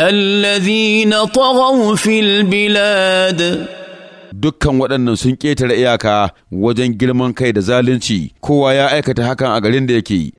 الذين طغوا في البلاد dukkan waɗannan sun ƙetare iyaka wajen girman kai da zalunci kowa ya aikata hakan a garin da yake